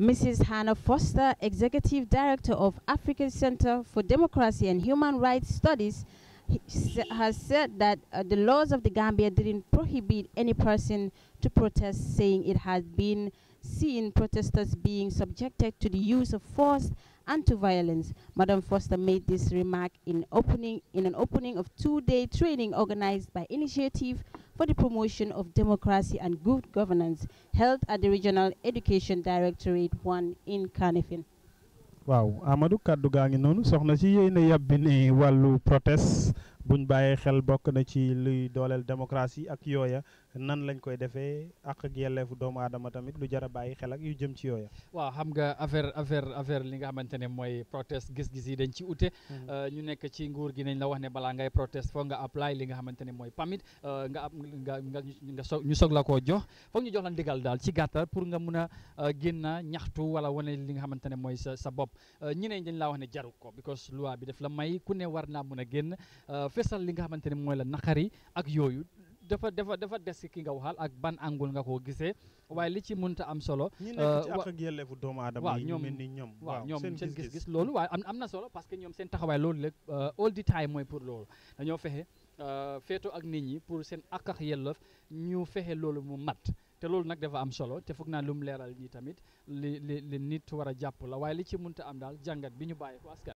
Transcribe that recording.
Mrs. Hannah Foster, Executive Director of African Center for Democracy and Human Rights Studies, has said that uh, the laws of the Gambia didn't prohibit any person to protest, saying it had been seen protesters being subjected to the use of force and to violence. Madam Foster made this remark in, opening, in an opening of two-day training organized by Initiative for the Promotion of Democracy and Good Governance held at the Regional Education Directorate 1 in Kanifin. Wow, Amadou kaddu gaa ngi noonu soxna protest buñ bàyyee xel bokk na ci luy dooleel démocratie ak yooya nan lañ koy defee ak ak yelleefu doomu aadama tamit lu jar a bàyyi xel ak yu jëm ci yooya. waaw xam nga affaire affaire affaire li nga xamante ne mooy protest gis-gis yi dañ ci ute. Mhm. Euh, ñu nekk ci nguur gi nañ la wax balaa ngay protest foog nga apply li nga xamante ne mooy permit euh, nga am nga nga ñu soog la koo jox foog ñu jox la ndigal daal ci gàttal pour nga mun a euh, génn ñaxtu wala wane li nga xamante ne mooy sa sa bopp ñeneen dañ la wax ne jaru ko because loi bi daf la may ku ne war naa mun a génn. fesal li nga xamante ne mooy la naqari ak yooyu dafa dafa dafa des ki nga waxal ak ban angul nga koo gisee waaye li ci mënta am solo. ñi nekk ci euh, àq ak yelleefu doomu aadama yi ñu ni ñoom. waaw ñoom seen gis-gis loolu waaye am na solo parce que ñoom seen taxawaay loolu lépp euh, all the time mooy pour loolu dañoo fexe euh, feeto ak nit ñi pour seen àq ak yelleef ñu fexe loolu mu mat. te loolu nag dafa am solo te foog naa lu mu leeral ñi tamit li li li nit war a jàpp la waaye li ci mënta am daal jàngat bi ñu bàyyi ko askan